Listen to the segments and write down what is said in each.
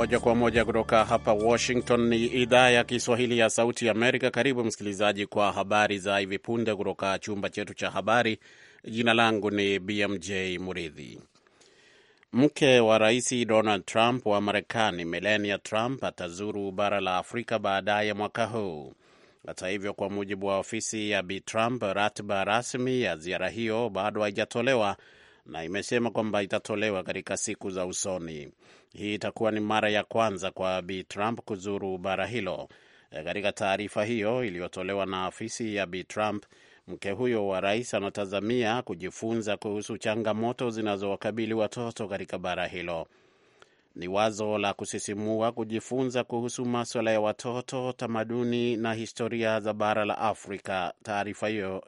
Moja kwa moja kutoka hapa Washington. Ni idhaa ya Kiswahili ya Sauti ya Amerika. Karibu msikilizaji kwa habari za hivi punde kutoka chumba chetu cha habari. Jina langu ni BMJ Muridhi. Mke wa Rais Donald Trump wa Marekani, Melania Trump, atazuru bara la Afrika baadaye mwaka huu. Hata hivyo, kwa mujibu wa ofisi ya Bi Trump, ratiba rasmi ya ziara hiyo bado haijatolewa na imesema kwamba itatolewa katika siku za usoni. Hii itakuwa ni mara ya kwanza kwa Bi Trump kuzuru bara hilo. E, katika taarifa hiyo iliyotolewa na afisi ya Bi Trump, mke huyo wa rais anatazamia kujifunza kuhusu changamoto zinazowakabili watoto katika bara hilo. Ni wazo la kusisimua kujifunza kuhusu maswala ya watoto, tamaduni na historia za bara la Afrika, taarifa hiyo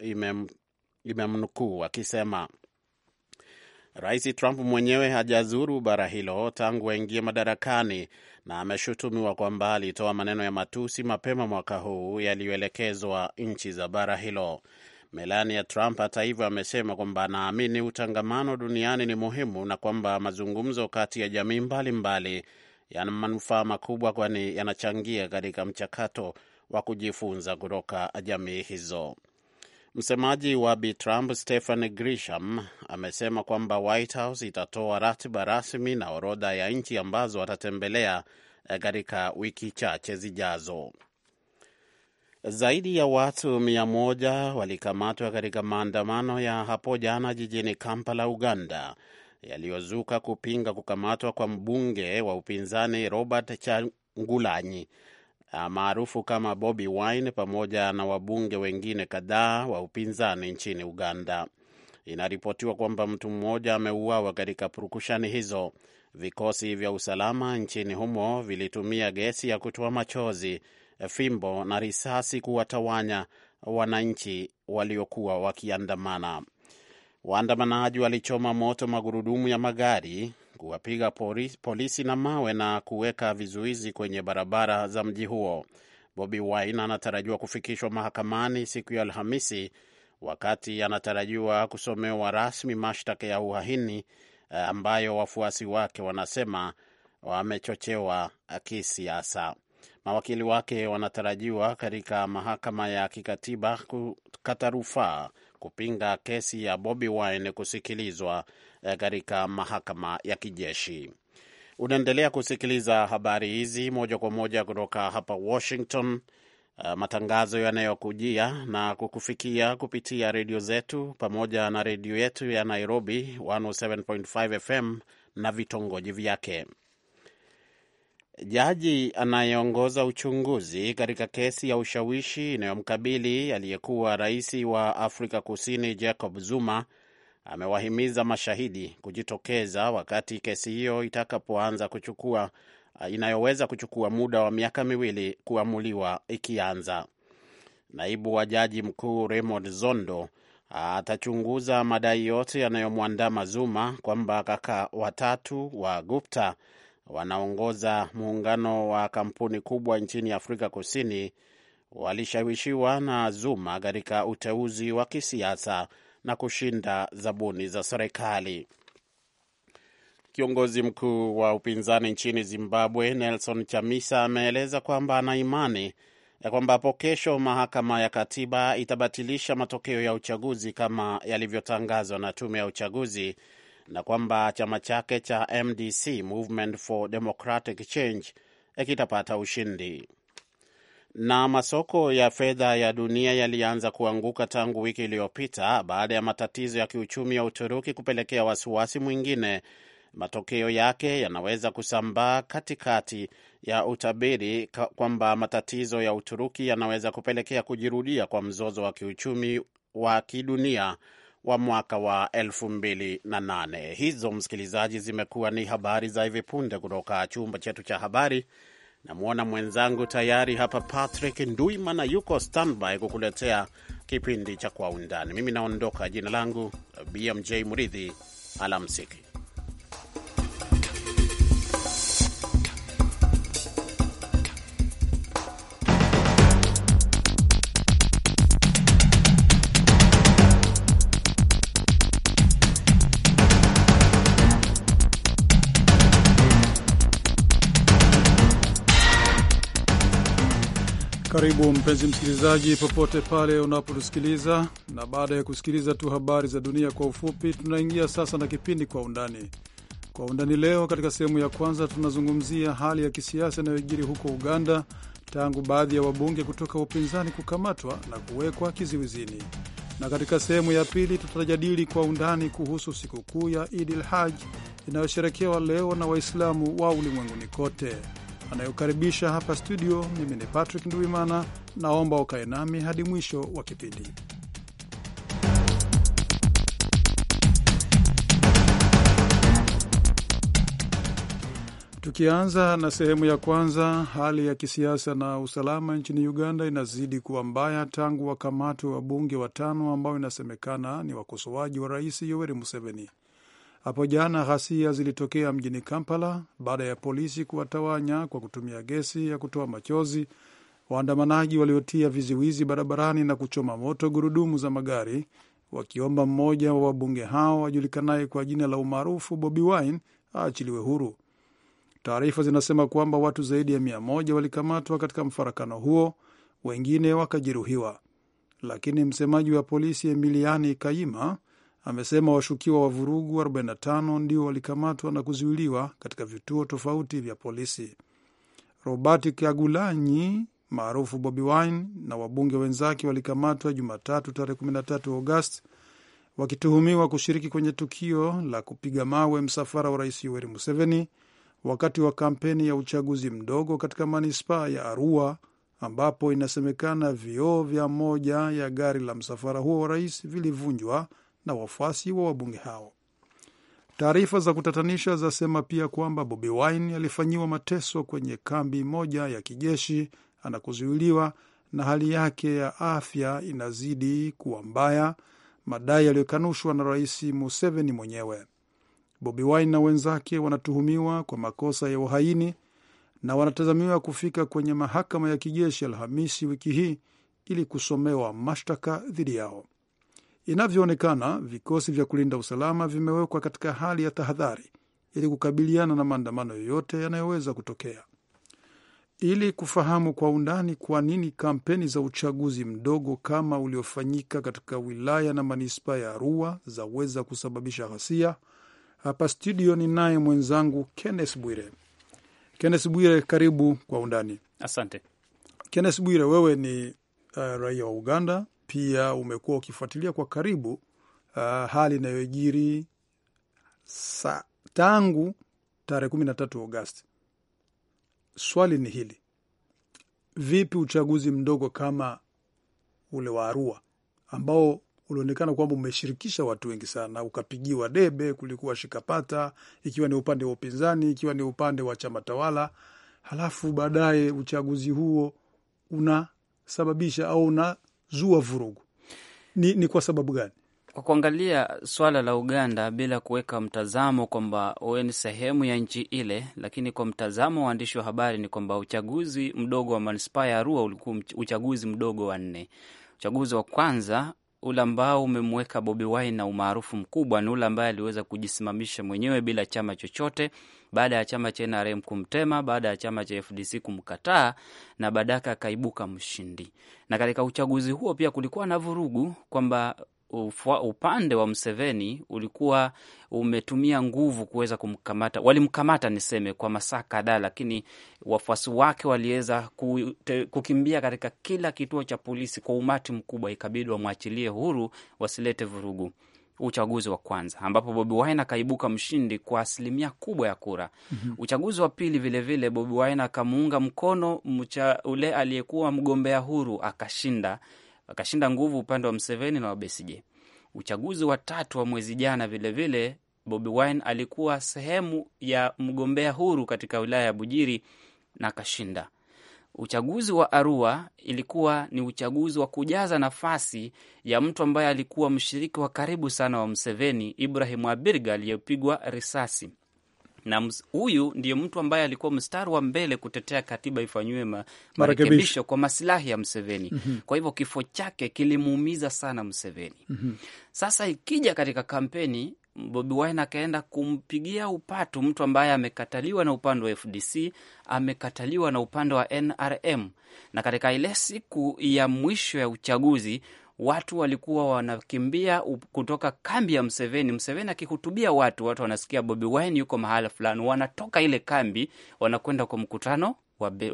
imemnukuu ime akisema. Rais Trump mwenyewe hajazuru bara hilo tangu aingie madarakani na ameshutumiwa kwamba alitoa maneno ya matusi mapema mwaka huu yaliyoelekezwa nchi za bara hilo. Melania Trump hata hivyo amesema kwamba anaamini utangamano duniani ni muhimu na kwamba mazungumzo kati ya jamii mbalimbali yana manufaa makubwa, kwani yanachangia katika mchakato wa kujifunza kutoka jamii hizo. Msemaji wa Bi Trump Stephen Grisham amesema kwamba White House itatoa ratiba rasmi na orodha ya nchi ambazo watatembelea eh, katika wiki chache zijazo. Zaidi ya watu mia moja walikamatwa katika maandamano ya hapo jana jijini Kampala, Uganda, yaliyozuka kupinga kukamatwa kwa mbunge wa upinzani Robert Changulanyi Ah, maarufu kama Bobi Wine pamoja na wabunge wengine kadhaa wa upinzani nchini Uganda. Inaripotiwa kwamba mtu mmoja ameuawa katika purukushani hizo. Vikosi vya usalama nchini humo vilitumia gesi ya kutoa machozi, fimbo na risasi kuwatawanya wananchi waliokuwa wakiandamana. Waandamanaji walichoma moto magurudumu ya magari kuwapiga polisi na mawe na kuweka vizuizi kwenye barabara za mji huo. Bobi Wine anatarajiwa kufikishwa mahakamani siku ya Alhamisi wakati anatarajiwa kusomewa rasmi mashtaka ya uhaini eh, ambayo wafuasi wake wanasema wamechochewa kisiasa. Mawakili wake wanatarajiwa katika mahakama ya kikatiba kukata rufaa kupinga kesi ya Bobi Wine kusikilizwa eh, katika mahakama ya kijeshi. Unaendelea kusikiliza habari hizi moja kwa moja kutoka hapa Washington, eh, matangazo yanayokujia na kukufikia kupitia redio zetu pamoja na redio yetu ya Nairobi 107.5 FM na vitongoji vyake. Jaji anayeongoza uchunguzi katika kesi ya ushawishi inayomkabili aliyekuwa rais wa Afrika Kusini Jacob Zuma amewahimiza mashahidi kujitokeza wakati kesi hiyo itakapoanza kuchukua inayoweza kuchukua muda wa miaka miwili kuamuliwa ikianza. Naibu wa jaji mkuu Raymond Zondo atachunguza madai yote yanayomwandama Zuma kwamba kaka watatu wa Gupta wanaongoza muungano wa kampuni kubwa nchini Afrika Kusini walishawishiwa na Zuma katika uteuzi wa kisiasa na kushinda zabuni za serikali. Kiongozi mkuu wa upinzani nchini Zimbabwe Nelson Chamisa ameeleza kwamba ana imani ya kwamba hapo kesho mahakama ya katiba itabatilisha matokeo ya uchaguzi kama yalivyotangazwa na tume ya uchaguzi na kwamba chama chake cha MDC, Movement for Democratic Change, kitapata ushindi. Na masoko ya fedha ya dunia yalianza kuanguka tangu wiki iliyopita baada ya matatizo ya kiuchumi ya Uturuki kupelekea wasiwasi mwingine matokeo yake yanaweza kusambaa katikati ya utabiri kwamba matatizo ya Uturuki yanaweza kupelekea kujirudia kwa mzozo wa kiuchumi wa kidunia wa mwaka wa 28 Hizo msikilizaji, zimekuwa ni habari za hivi punde kutoka chumba chetu cha habari. Namwona mwenzangu tayari hapa Patrick Nduimana yuko standby kukuletea kipindi cha Kwa Undani. Mimi naondoka, jina langu BMJ Muridhi, alamsiki. Karibu mpenzi msikilizaji, popote pale unapotusikiliza. Na baada ya kusikiliza tu habari za dunia kwa ufupi, tunaingia sasa na kipindi kwa undani. Kwa undani leo, katika sehemu ya kwanza tunazungumzia hali ya kisiasa inayojiri huko Uganda tangu baadhi ya wabunge kutoka upinzani kukamatwa na kuwekwa kiziwizini, na katika sehemu ya pili tutajadili kwa undani kuhusu sikukuu ya Idil Haj inayosherekewa leo na Waislamu wa ulimwenguni kote anayokaribisha hapa studio. Mimi ni Patrick Nduimana, naomba ukae nami hadi mwisho wa kipindi. Tukianza na sehemu ya kwanza, hali ya kisiasa na usalama nchini Uganda inazidi kuwa mbaya tangu wakamatwe wabunge watano ambao inasemekana ni wakosoaji wa rais Yoweri Museveni. Hapo jana ghasia zilitokea mjini Kampala baada ya polisi kuwatawanya kwa kutumia gesi ya kutoa machozi waandamanaji waliotia viziwizi barabarani na kuchoma moto gurudumu za magari wakiomba mmoja wa wabunge hao ajulikanaye kwa jina la umaarufu Bobi Wine aachiliwe huru. Taarifa zinasema kwamba watu zaidi ya mia moja walikamatwa katika mfarakano huo, wengine wakajeruhiwa, lakini msemaji wa polisi Emiliani Kayima amesema washukiwa wa vurugu 45 ndio walikamatwa na kuzuiliwa katika vituo tofauti vya polisi. Robert Kyagulanyi maarufu Bobi Wine na wabunge wenzake walikamatwa Jumatatu tarehe 13 Agosti wakituhumiwa kushiriki kwenye tukio la kupiga mawe msafara wa rais Yoweri Museveni wakati wa kampeni ya uchaguzi mdogo katika manispaa ya Arua ambapo inasemekana vioo vya moja ya gari la msafara huo wa rais vilivunjwa na wafuasi wa wabunge hao. Taarifa za kutatanisha zasema pia kwamba Bobi Wine alifanyiwa mateso kwenye kambi moja ya kijeshi anakuzuiliwa na hali yake ya afya inazidi kuwa mbaya, madai yaliyokanushwa na Rais Museveni mwenyewe. Bobi Wine na wenzake wanatuhumiwa kwa makosa ya uhaini na wanatazamiwa kufika kwenye mahakama ya kijeshi Alhamisi wiki hii ili kusomewa mashtaka dhidi yao. Inavyoonekana, vikosi vya kulinda usalama vimewekwa katika hali ya tahadhari ili kukabiliana na maandamano yoyote yanayoweza kutokea. Ili kufahamu kwa undani kwa nini kampeni za uchaguzi mdogo kama uliofanyika katika wilaya na manispaa ya Arua zaweza kusababisha ghasia, hapa studio ni naye mwenzangu Kenneth Bwire. Kenneth Bwire, karibu kwa undani. Asante Kenneth Bwire, wewe ni uh, raia wa Uganda pia umekuwa ukifuatilia kwa karibu uh, hali inayojiri tangu tarehe kumi na tatu Agosti. Swali ni hili, vipi uchaguzi mdogo kama ule wa Arua ambao ulionekana kwamba umeshirikisha watu wengi sana, ukapigiwa debe, kulikuwa shikapata, ikiwa ni upande wa upinzani, ikiwa ni upande wa chama tawala, halafu baadaye uchaguzi huo unasababisha au una zua vurugu. Ni, ni kwa sababu gani? Kwa kuangalia swala la Uganda bila kuweka mtazamo kwamba wewe ni sehemu ya nchi ile, lakini kwa mtazamo wa waandishi wa habari ni kwamba uchaguzi mdogo wa manispaa ya Arua ulikuwa uchaguzi mdogo wa nne. Uchaguzi wa kwanza ule ambao umemweka Bobi Wine na umaarufu mkubwa ni ule ambaye aliweza kujisimamisha mwenyewe bila chama chochote baada ya chama cha NRM kumtema, baada ya chama cha FDC kumkataa na baadake akaibuka mshindi. Na katika uchaguzi huo pia kulikuwa na vurugu kwamba upande wa Mseveni ulikuwa umetumia nguvu kuweza kumkamata, walimkamata niseme kwa masaa kadhaa, lakini wafuasi wake waliweza kukimbia katika kila kituo cha polisi kwa umati mkubwa, ikabidi wamwachilie huru wasilete vurugu uchaguzi wa kwanza ambapo Bobi Wine akaibuka mshindi kwa asilimia kubwa ya kura. mm -hmm. Uchaguzi wa pili vilevile, Bobi Wine akamuunga mkono mcha ule aliyekuwa mgombea huru akashinda, akashinda nguvu upande wa Mseveni na Wabesigye. Uchaguzi wa tatu wa mwezi jana vilevile, Bobi Wine alikuwa sehemu ya mgombea huru katika wilaya ya Bujiri na akashinda. Uchaguzi wa Arua ilikuwa ni uchaguzi wa kujaza nafasi ya mtu ambaye alikuwa mshiriki wa karibu sana wa Mseveni, ibrahimu Abirga aliyepigwa risasi, na huyu ndiyo mtu ambaye alikuwa mstari wa mbele kutetea katiba ifanyiwe marekebisho kwa masilahi ya Mseveni. mm -hmm. Kwa hivyo kifo chake kilimuumiza sana Mseveni. mm -hmm. Sasa ikija katika kampeni Bobi Wine akaenda kumpigia upatu mtu ambaye amekataliwa na upande wa FDC, amekataliwa na upande wa NRM. Na katika ile siku ya mwisho ya uchaguzi, watu walikuwa wanakimbia kutoka kambi ya Mseveni. Mseveni akihutubia watu, watu wanasikia Bobi Wine yuko mahala fulani, wanatoka ile kambi, wanakwenda kwa mkutano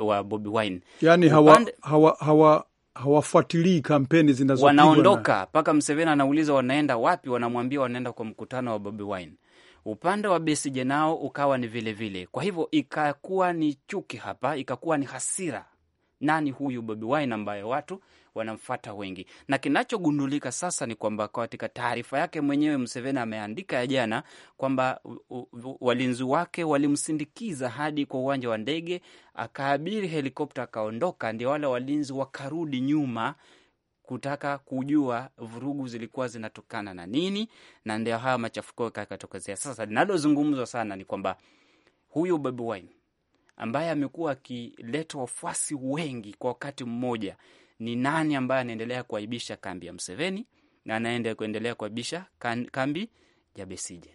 wa Bobi Wine, yani hawa, hawa, hawa hawafuatilii kampeni zinazo wanaondoka mpaka Mseveni anauliza wanaenda wapi, wanamwambia wanaenda kwa mkutano wa Bobi Wine. Upande wa Besigye nao ukawa ni vilevile vile. Kwa hivyo ikakuwa ni chuki hapa, ikakuwa ni hasira. Nani huyu Bobi Wine ambaye watu wanamfuata wengi, na kinachogundulika sasa ni kwamba katika taarifa yake mwenyewe Museveni ameandika ya jana kwamba walinzi wake walimsindikiza hadi kwa uwanja wa ndege, akaabiri helikopta akaondoka, ndio wale walinzi wakarudi nyuma kutaka kujua vurugu zilikuwa zinatokana na nini, na ndio haya machafuko yakatokezea. Sasa linalozungumzwa sana ni kwamba huyu Bobi Wine ambaye amekuwa akileta wafuasi wengi kwa wakati mmoja, ni nani ambaye anaendelea kuaibisha kambi ya Mseveni na anaenda kuendelea kuaibisha kambi ya Besije.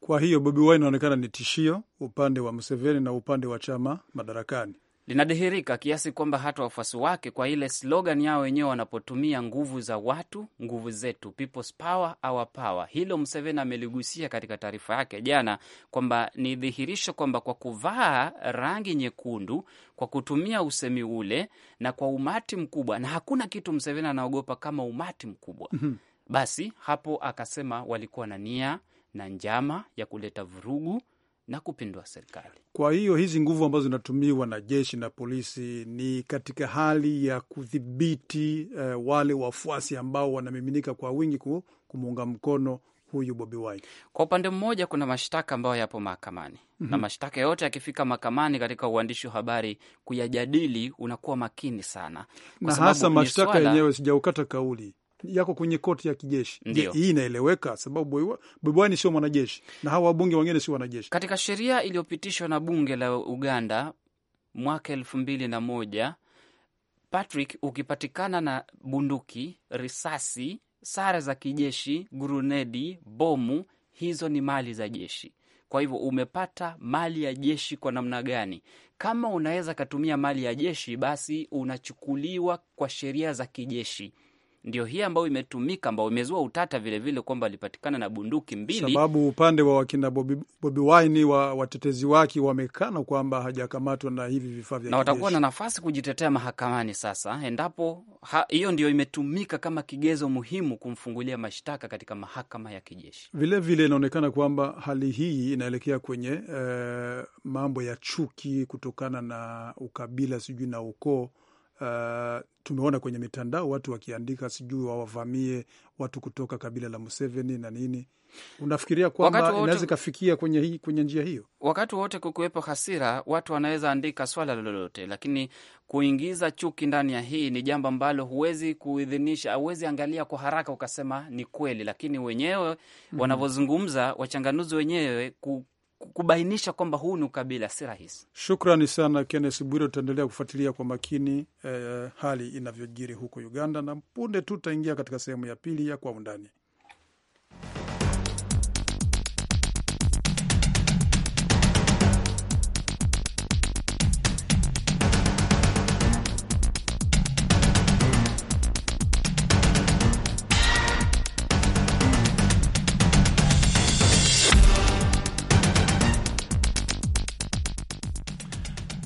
Kwa hiyo Bobi Wine inaonekana ni tishio upande wa Mseveni na upande wa chama madarakani linadhihirika kiasi kwamba hata wafuasi wake kwa ile slogan yao wenyewe wanapotumia nguvu za watu, nguvu zetu, people's power, our power. Hilo Museveni ameligusia katika taarifa yake jana kwamba ni dhihirisho kwamba kwa kuvaa rangi nyekundu, kwa kutumia usemi ule na kwa umati mkubwa, na hakuna kitu Museveni anaogopa kama umati mkubwa. Mhm. Basi hapo akasema walikuwa na nia na njama ya kuleta vurugu na kupindua serikali. Kwa hiyo hizi nguvu ambazo zinatumiwa na jeshi na polisi ni katika hali ya kudhibiti eh, wale wafuasi ambao wanamiminika kwa wingi kumuunga mkono huyu Bobi Wine. Kwa upande mmoja, kuna mashtaka ambayo yapo mahakamani mm -hmm. na mhm. mashtaka yote yakifika mahakamani katika uandishi wa habari, kuyajadili unakuwa makini sana, na hasa mashtaka yenyewe. Sijaukata kauli yako kwenye koti ya kijeshi. Je, hii inaeleweka? Sababu Boiwani sio mwanajeshi na hawa wabunge wengine sio wanajeshi. Katika sheria iliyopitishwa na bunge la Uganda mwaka elfu mbili na moja, Patrick, ukipatikana na bunduki, risasi, sare za kijeshi, gurunedi, bomu, hizo ni mali za jeshi. Kwa hivyo umepata mali ya jeshi kwa namna gani? Kama unaweza katumia mali ya jeshi, basi unachukuliwa kwa sheria za kijeshi ndio hii ambayo imetumika ambayo imezua utata vilevile kwamba alipatikana na bunduki mbili, sababu upande wa wakina Bobi Wine wa watetezi wake wamekana kwamba hajakamatwa na hivi vifaa vya na watakuwa na nafasi kujitetea mahakamani sasa, endapo hiyo ndio imetumika kama kigezo muhimu kumfungulia mashtaka katika mahakama ya kijeshi. Vilevile inaonekana kwamba hali hii inaelekea kwenye eh, mambo ya chuki kutokana na ukabila sijui na ukoo Uh, tumeona kwenye mitandao watu wakiandika sijui wawavamie watu kutoka kabila la Museveni na nini. Unafikiria kwamba inaweza ikafikia kwenye, kwenye njia hiyo? Wakati wote kukiwepo hasira, watu wanaweza andika swala lolote, lakini kuingiza chuki ndani ya hii ni jambo ambalo huwezi kuidhinisha, huwezi angalia kwa haraka ukasema ni kweli, lakini wenyewe mm -hmm. wanavyozungumza wachanganuzi wenyewe ku kubainisha kwamba huu ni ukabila si rahisi. Shukrani sana Kennes Bwire, tutaendelea kufuatilia kwa makini eh, hali inavyojiri huko Uganda, na punde tu tutaingia katika sehemu ya pili ya Kwa Undani.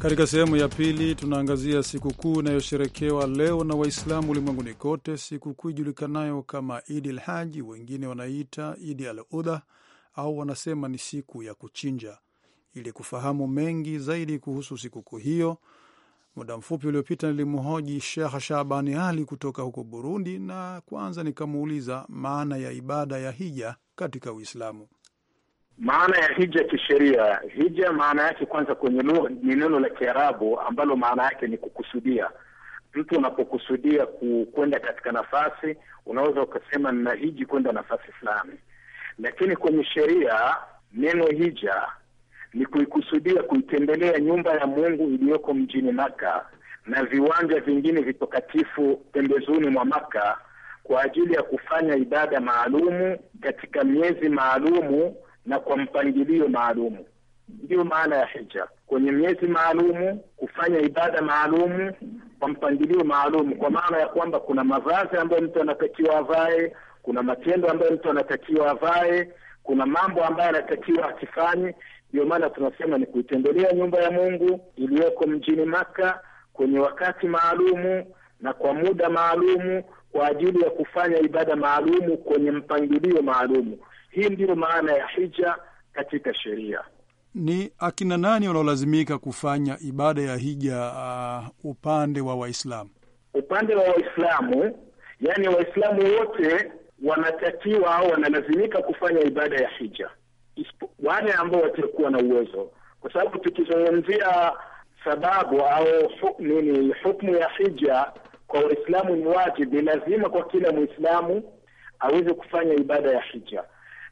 Katika sehemu ya pili tunaangazia sikukuu inayosherekewa leo na Waislamu ulimwenguni kote, sikukuu ijulikanayo kama Idi l Haji, wengine wanaiita Idi al Udha au wanasema ni siku ya kuchinja. Ili kufahamu mengi zaidi kuhusu sikukuu hiyo, muda mfupi uliopita nilimhoji Shekh Shabani Ali kutoka huko Burundi, na kwanza nikamuuliza maana ya ibada ya hija katika Uislamu. Maana ya hija kisheria, hija maana yake kwanza kwenye ni neno la Kiarabu ambalo maana yake ni kukusudia. Mtu unapokusudia kwenda katika nafasi, unaweza ukasema hiji kwenda nafasi fulani, lakini kwenye sheria neno hija ni kuikusudia kuitembelea nyumba ya Mungu iliyoko mjini Maka na viwanja vingine vitakatifu pembezoni mwa Maka kwa ajili ya kufanya ibada maalumu katika miezi maalumu na kwa mpangilio maalumu. Ndiyo maana ya hija, kwenye miezi maalumu, kufanya ibada maalumu kwa mpangilio maalumu, kwa maana ya kwamba kuna mavazi ambayo mtu anatakiwa avae, kuna matendo ambayo mtu anatakiwa avae, kuna mambo ambayo anatakiwa akifanye. Ndiyo maana tunasema ni kuitembelea nyumba ya Mungu iliyoko mjini Maka kwenye wakati maalumu na kwa muda maalumu kwa ajili ya kufanya ibada maalumu kwenye mpangilio maalumu. Hii ndiyo maana ya hija katika sheria. Ni akina nani wanaolazimika kufanya ibada ya hija? Uh, upande wa Waislamu, upande wa Waislamu, yani Waislamu wote wanatakiwa au wanalazimika kufanya ibada ya hija, wale ambao watakuwa na uwezo, kwa sababu tukizungumzia sababu au nini, hukmu ya hija kwa Waislamu ni wajibu, ni lazima kwa kila Mwislamu aweze kufanya ibada ya hija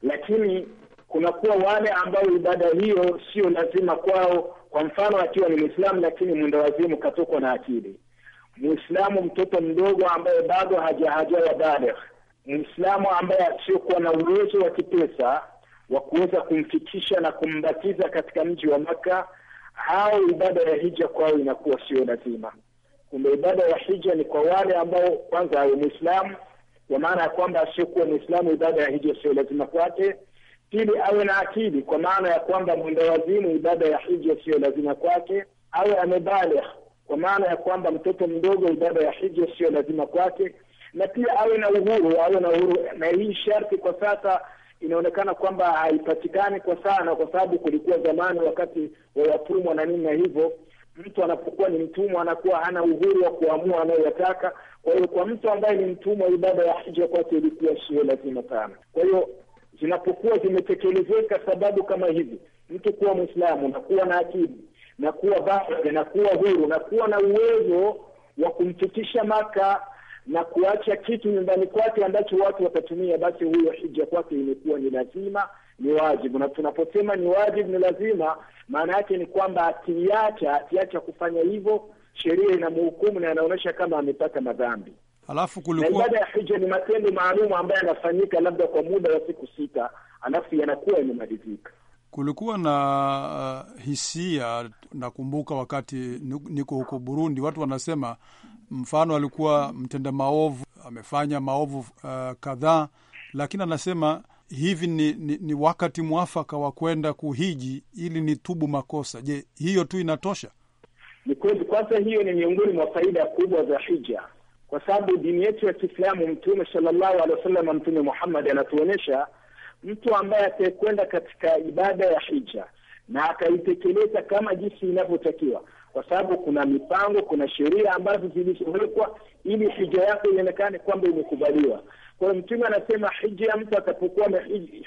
lakini kunakuwa wale ambao ibada hiyo sio lazima kwao. Kwa mfano, akiwa ni Muislamu lakini mwendawazimu katokwa na akili, Muislamu mtoto mdogo ambaye bado hajawa baligh, Muislamu ambaye asiokuwa na uwezo wa kipesa wa kuweza kumfikisha na kumbatiza katika mji wa Maka, hao ibada ya hija kwao inakuwa sio lazima. Kumbe ibada ya hija ni kwa wale ambao kwanza awe Muislamu kwa maana ya kwamba asiyekuwa mwislamu ibada ya hija sio lazima kwake. Pili, awe na akili, kwa maana ya kwamba mwenda wazimu ibada ya hija sio lazima kwake. Awe amebaligh, kwa maana ya kwamba mtoto mdogo ibada ya hija sio lazima kwake, na pia awe na uhuru, awe na uhuru. Na hii sharti kwa sasa inaonekana kwamba haipatikani kwa sana, kwa sababu kulikuwa zamani wakati wa watumwa na nini na hivyo Mtu anapokuwa ni mtumwa anakuwa hana uhuru wa kuamua anayoyataka. Kwa hiyo kwa mtu ambaye ni mtumwa, ibada ya hija kwake ilikuwa sio lazima sana. Kwa hiyo zinapokuwa zimetekelezeka sababu kama hivi, mtu kuwa Mwislamu na kuwa na akili na kuwa baba na kuwa huru na kuwa na uwezo wa kumfikisha Maka na kuacha kitu nyumbani kwake ambacho watu watatumia, basi huyo hija kwake imekuwa ni lazima ni wajibu, na tunaposema ni wajibu, ni lazima, maana yake ni kwamba akiacha, akiacha kufanya hivyo sheria inamhukumu na inaonyesha kama amepata madhambi. Alafu kulikuwa ibada ya hija ni matendo maalum ambayo yanafanyika labda kwa muda wa siku sita, alafu yanakuwa yamemalizika. Kulikuwa na uh, hisia. Nakumbuka wakati niko huko Burundi, watu wanasema mfano alikuwa mtenda maovu, amefanya maovu uh, kadhaa, lakini anasema hivi ni, ni, ni wakati mwafaka wa kwenda kuhiji ili nitubu makosa. Je, hiyo tu inatosha? Ni kweli. Kwanza hiyo ni miongoni mwa faida kubwa za hija, kwa sababu dini yetu ya Kiislamu, Mtume sallallahu alaihi wasallam, Mtume Muhammad anatuonyesha mtu ambaye atakwenda katika ibada ya hija na akaitekeleza kama jinsi inavyotakiwa, kwa sababu kuna mipango, kuna sheria ambazo zilizowekwa ili hija yako ionekane kwamba imekubaliwa. Kwa hiyo Mtume anasema hija ya mtu atapokuwa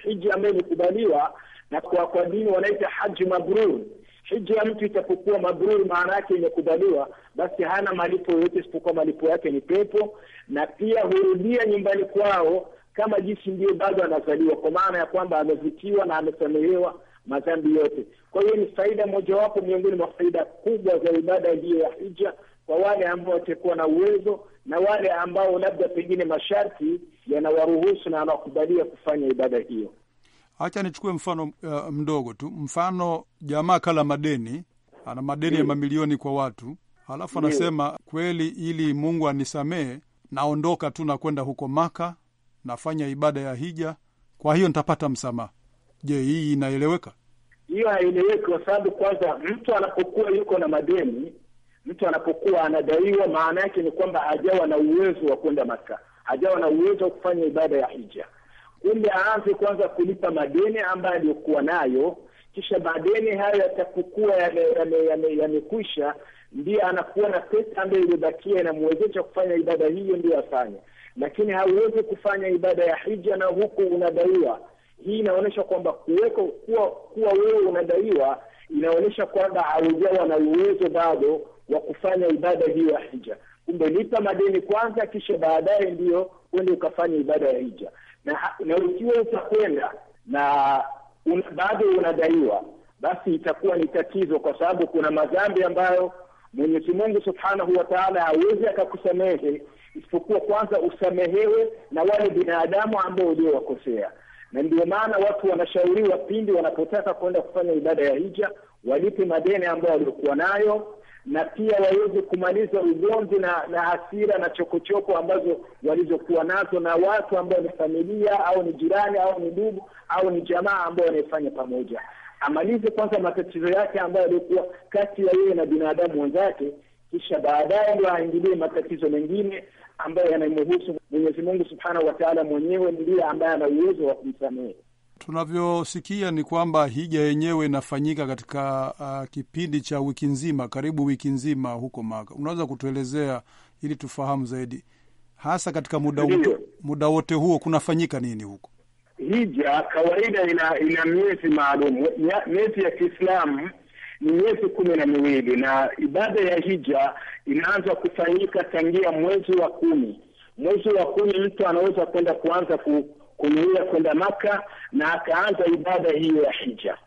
hija ambayo imekubaliwa na kwa kwa dini wanaita haji mabrur. Hija ya mtu itapokuwa mabrur, maana yake imekubaliwa, basi hana malipo yoyote isipokuwa malipo yake ni pepo, na pia hurudia nyumbani kwao kama jinsi ndiyo bado anazaliwa, kwa maana ya kwamba amezikiwa na amesamehewa madhambi yote. Kwa hiyo ni faida mojawapo miongoni mwa faida kubwa za ibada hiyo ya hija kwa wale ambao watakuwa na uwezo na wale ambao labda pengine masharti yanawaruhusu na anawakubalia kufanya ibada hiyo. Hacha nichukue mfano uh, mdogo tu, mfano jamaa kala madeni, ana madeni ya mm. mamilioni kwa watu, alafu mm. anasema kweli, ili Mungu anisamehe, naondoka tu na kwenda huko Maka, nafanya ibada ya hija, kwa hiyo nitapata msamaha. Je, hii inaeleweka? Hiyo haieleweki, kwa sababu kwanza mtu anapokuwa yuko na madeni mtu anapokuwa anadaiwa, maana yake ni kwamba hajawa na uwezo wa kwenda Maka, hajawa na uwezo wa kufanya ibada ya hija. Kumbe aanze kwanza kulipa madeni ambayo aliyokuwa nayo, kisha madeni hayo yatapokuwa yamekwisha, ndiye anakuwa na pesa ambayo iliyobakia inamwezesha kufanya ibada hiyo, ndiyo afanye. Lakini hauwezi kufanya ibada ya hija na huku unadaiwa. Hii inaonyesha kwamba kuweko kuwa kuwa wewe unadaiwa, inaonyesha kwamba haujawa na uwezo bado wa kufanya ibada hiyo ya hija. Kumbe lipa madeni kwanza, kisha baadaye ndiyo uende ukafanya ibada ya hija. Na, na ukiwa utakwenda na un, bado unadaiwa, basi itakuwa ni tatizo, kwa sababu kuna madhambi ambayo Mwenyezi Mungu Subhanahu wa Ta'ala hawezi akakusamehe isipokuwa kwanza usamehewe na wale binadamu ambao uliowakosea. Na ndio maana watu wanashauriwa pindi wanapotaka kwenda kufanya ibada ya hija walipe madeni ambayo waliokuwa nayo na pia waweze kumaliza ugomvi na na hasira na chokochoko ambazo walizokuwa nazo na watu ambao ni familia au ni jirani au ni ndugu au ni jamaa ambao wanaifanya pamoja. Amalize kwanza matatizo yake ambayo yalikuwa kati ya yeye na binadamu wenzake, kisha baadaye ndio aingilie matatizo mengine ambayo yanamhusu. Mwenyezi Mungu Subhanahu wa Ta'ala mwenyewe ndiye ambaye ana uwezo wa kumsamehe. Tunavyosikia ni kwamba hija yenyewe inafanyika katika uh, kipindi cha wiki nzima, karibu wiki nzima huko Maka. Unaweza kutuelezea ili tufahamu zaidi, hasa katika muda, muda wote huo kunafanyika nini huko? Hija kawaida ina, ina miezi maalum. Miezi ya Kiislamu ni miezi kumi na miwili, na ibada ya hija inaanza kufanyika tangia mwezi wa kumi. Mwezi wa kumi mtu anaweza kwenda kuanza ku kunuia kwenda Maka na akaanza ibada hiyo ya hija,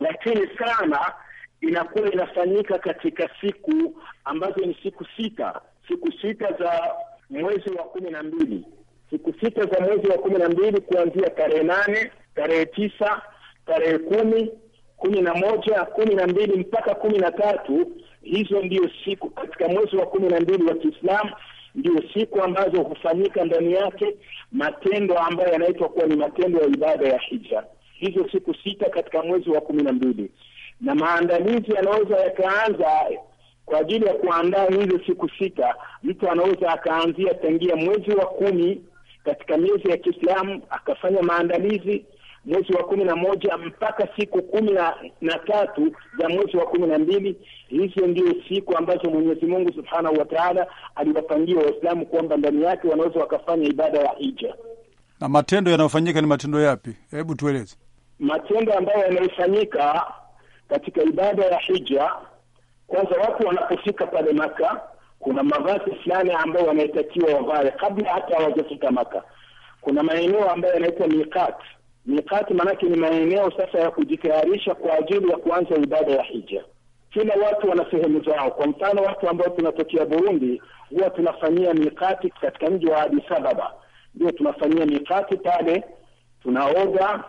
lakini sana inakuwa inafanyika katika siku ambazo ni siku sita, siku sita za mwezi wa kumi na mbili, siku sita za mwezi wa kumi na mbili kuanzia tarehe nane, tarehe tisa, tarehe kumi, kumi na moja, kumi na mbili mpaka kumi na tatu. Hizo ndio siku katika mwezi wa kumi na mbili wa Kiislamu ndio siku ambazo hufanyika ndani yake matendo ambayo yanaitwa kuwa ni matendo ya ibada ya hija, hizo siku sita katika mwezi wa kumi na mbili, na maandalizi yanaweza yakaanza kwa ajili ya kuandaa hizo siku sita. Mtu anaweza akaanzia tangia mwezi wa kumi katika miezi ya Kiislamu akafanya maandalizi mwezi wa kumi na moja mpaka siku kumi na tatu za mwezi wa kumi na mbili. Hizo ndio siku ambazo Mwenyezi Mungu Subhanahu wa Ta'ala aliwapangia Waislamu kwamba ndani yake wanaweza wakafanya ibada ya hija. Na matendo yanayofanyika ni matendo yapi? Hebu tueleze matendo ambayo yanayofanyika katika ibada ya hija. Kwanza, watu wanapofika pale Maka kuna mavazi fulani ambayo wanaitakiwa wavae kabla hata hawajafika Maka. Kuna maeneo ambayo yanaitwa miqat Mikati maanake ni maeneo sasa ya kujitayarisha kwa ajili ya kuanza ibada ya hija. Kila watu wana sehemu zao. Kwa mfano, watu ambao tunatokea Burundi huwa tunafanyia mikati katika mji wa Addis Ababa, ndio tunafanyia mikati pale. Tunaoga,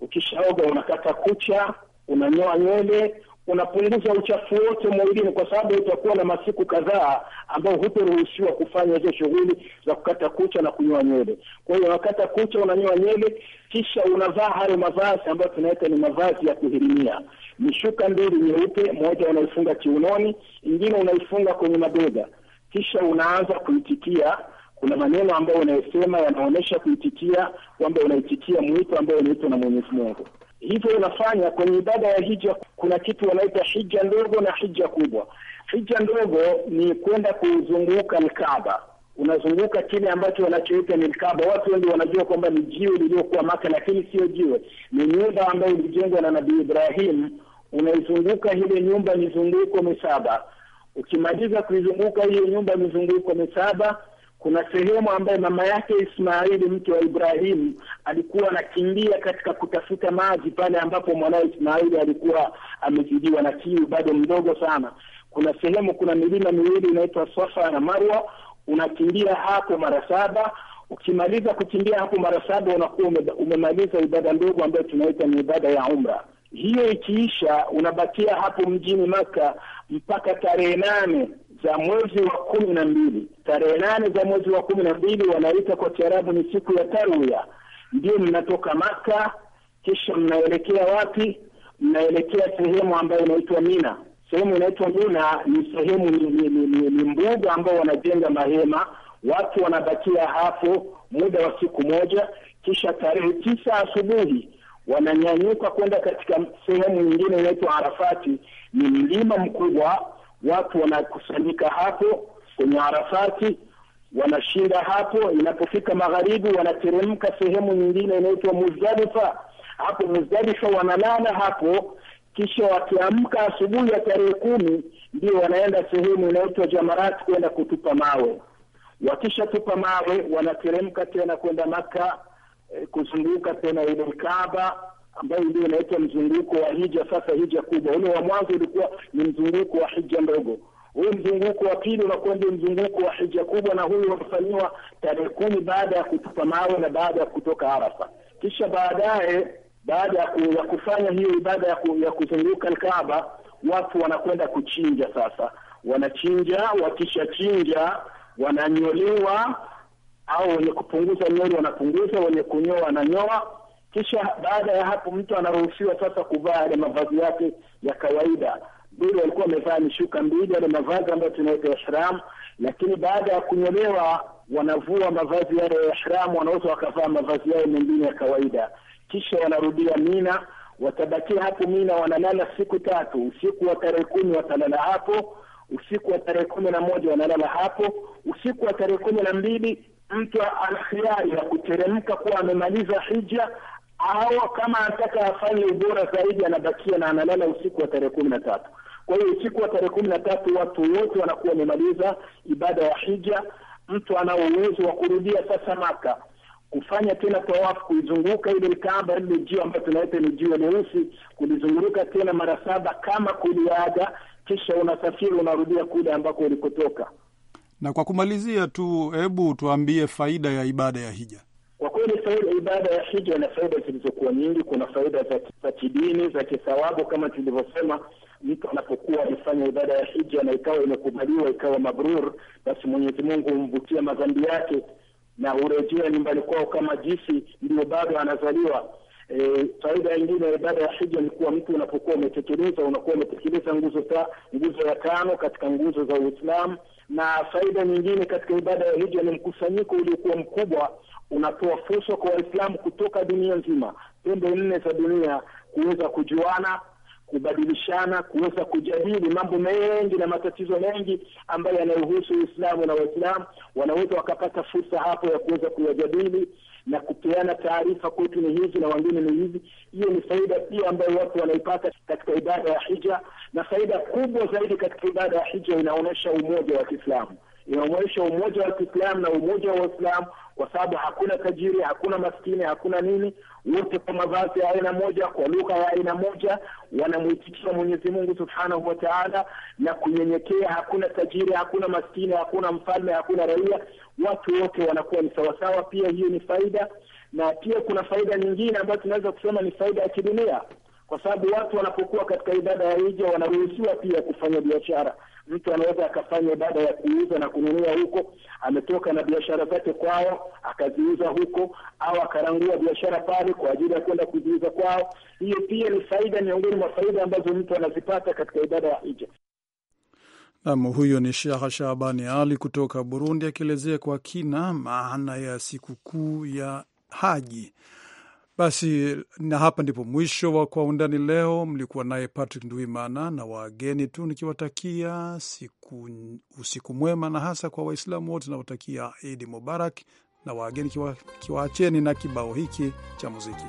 ukishaoga unakata kucha, unanyoa nywele, unapunguza uchafu wote mwilini, kwa sababu utakuwa na masiku kadhaa ambao hutoruhusiwa kufanya hizo shughuli za kukata kucha na kunyoa nywele. Kwa hiyo unakata kucha, unanyoa nywele, kisha unavaa hayo mavazi ambayo tunaita ni mavazi ya kuhirimia. Ni shuka mbili nyeupe, moja unaifunga kiunoni, ingine unaifunga kwenye mabega, kisha unaanza kuitikia kuna maneno ambayo unayosema yanaonyesha kuitikia, kwamba unaitikia mwito ambao unaitwa na Mwenyezi Mungu hivyo unafanya kwenye ibada ya hija, kuna kitu wanaita hija ndogo na hija kubwa. Hija ndogo ni kwenda kuzunguka Alkaaba, unazunguka kile ambacho wanachoita ni Alkaaba. Watu wengi wanajua kwamba ni jiwe liliyokuwa Maka, lakini sio jiwe, ni nyumba ambayo ilijengwa na Nabii Ibrahim. Unaizunguka ile nyumba mizunguko misaba. Ukimaliza kuizunguka hiyo nyumba mizunguko misaba kuna sehemu ambayo mama yake Ismaili mke wa Ibrahimu alikuwa anakimbia katika kutafuta maji pale ambapo mwanaye Ismaili alikuwa amezidiwa na kiu, bado mdogo sana. Kuna sehemu, kuna milima miwili inaitwa Safa na Marwa, unakimbia hapo mara saba. Ukimaliza kukimbia hapo mara saba, unakuwa umemaliza ibada ndogo ambayo tunaita ni ibada ya umra. Hiyo ikiisha, unabakia hapo mjini Maka mpaka tarehe nane za mwezi wa kumi na mbili tarehe nane za mwezi wa kumi na mbili wanaita kwa Kiarabu ni siku ya tarwia. Ndio mnatoka Maka, kisha mnaelekea wapi? Mnaelekea sehemu ambayo inaitwa Mina. Sehemu inaitwa Mina ni sehemu ni, ni, ni, ni, ni mbuga ambao wanajenga mahema, watu wanabakia hapo muda wa siku moja, kisha tarehe tisa asubuhi wananyanyuka kwenda katika sehemu nyingine inaitwa Arafati. Ni mlima mkubwa watu wanakusanyika hapo kwenye Arafati, wanashinda hapo. Inapofika magharibi, wanateremka sehemu nyingine inaitwa Muzdalifa. Hapo Muzdalifa wanalala hapo, kisha wakiamka asubuhi ya tarehe kumi ndio wanaenda sehemu inaitwa Jamarat kwenda kutupa mawe. Wakishatupa mawe, wanateremka tena kwenda Maka, eh, kuzunguka tena ile Kaaba ambayo ndio inaitwa mzunguko wa hija, sasa hija kubwa. Ule wa mwanzo ulikuwa ni mzunguko wa hija ndogo, huu mzunguko wa pili unakuwa ndio mzunguko wa hija kubwa, na huyu unafanyiwa tarehe kumi baada ya kutupa mawe na baada ya kutoka Arafa. Kisha baadaye, baada ya kufanya hiyo ibada ya, ku, ya kuzunguka Alkaaba, watu wanakwenda kuchinja. Sasa wanachinja, wakishachinja wananyolewa, au wenye kupunguza nyoli wanapunguza, wenye kunyoa wananyoa kisha baada ya hapo mtu anaruhusiwa sasa kuvaa yale mavazi yake ya kawaida. bili walikuwa amevaa mishuka mbili, yale mavazi ambayo tunaita ya ihram, lakini baada ya kunyolewa wanavua mavazi yale ya ihram, wanaweza wakavaa mavazi yao mengine ya kawaida, kisha wanarudia Mina, watabakia hapo Mina, wanalala siku tatu. Usiku wa tarehe kumi watalala hapo, usiku wa tarehe kumi na moja wanalala hapo, usiku wa tarehe kumi na mbili mtu ana hiari ya kuteremka kuwa amemaliza hija au kama anataka afanye ubora zaidi anabakia na analala usiku wa tarehe kumi na tatu. Kwa hiyo usiku wa tarehe kumi na tatu watu wote wanakuwa wamemaliza ibada ya hija. Mtu ana uwezo wa kurudia sasa Maka, kufanya tena tawafu, kuizunguka ile Kaaba, ile jiwe ambayo tunaita ni jiwe leusi, kulizunguruka tena mara saba kama kuliaga, kisha unasafiri unarudia kule ambako ulikotoka. Na kwa kumalizia tu, hebu tuambie faida ya ibada ya hija kweli faida ibada ya hija na faida zilizokuwa nyingi. Kuna faida za kidini za kisawabu, kama tulivyosema, mtu anapokuwa alifanya ibada ya hija na ikawa imekubaliwa, ikawa mabrur, basi Mwenyezi Mungu humvutia madhambi yake na urejea nyumbani kwao kama jisi ndio bado anazaliwa. E, faida nyingine ya ibada ya hija ni kuwa mtu unapokuwa umetekeleza unakuwa umetekeleza nguzo ta, nguzo ya tano katika nguzo za Uislamu na faida nyingine katika ibada ya hija ni mkusanyiko uliokuwa mkubwa, unatoa fursa kwa Waislamu kutoka dunia nzima, pembe nne za dunia, kuweza kujuana, kubadilishana, kuweza kujadili mambo mengi na matatizo mengi ambayo yanayohusu Uislamu na Waislamu, wanaweza wakapata fursa hapo ya kuweza kuyajadili na kupeana taarifa kwetu ni hizi na wengine ni hizi. Hiyo ni faida pia ambayo watu wanaipata katika ibada ya hija, na faida kubwa zaidi katika ibada ya hija inaonyesha umoja wa Kiislamu inaonyesha umoja wa Kiislamu na umoja wa Waislamu, kwa sababu hakuna tajiri, hakuna maskini, hakuna nini, wote kwa mavazi ya aina moja, kwa lugha ya aina moja, wanamwitikia Mwenyezi Mungu Subhanahu wa Ta'ala na kunyenyekea. Hakuna tajiri, hakuna maskini, hakuna mfalme, hakuna raia, watu wote wanakuwa ni sawasawa. Pia hiyo ni faida, na pia kuna faida nyingine ambayo tunaweza kusema ni faida ya kidunia, kwa sababu watu wanapokuwa katika ibada ya hija wanaruhusiwa pia kufanya biashara mtu anaweza akafanya ibada ya kuuza na kununua huko, ametoka na biashara zake kwao akaziuza huko, au akarangua biashara pale kwa ajili ya kwenda kuziuza kwao. Hiyo pia ni faida, miongoni mwa faida ambazo mtu anazipata katika ibada ya hija. Nam, huyo ni Sheikh Shabani Ali kutoka Burundi akielezea kwa kina maana ya sikukuu ya Haji basi na hapa ndipo mwisho wa Kwa Undani leo. Mlikuwa naye Patrick Nduimana na wageni tu, nikiwatakia siku usiku mwema, na hasa kwa Waislamu wote nawatakia Idi Mubarak na wageni kiwaacheni kiwa na kibao hiki cha muziki.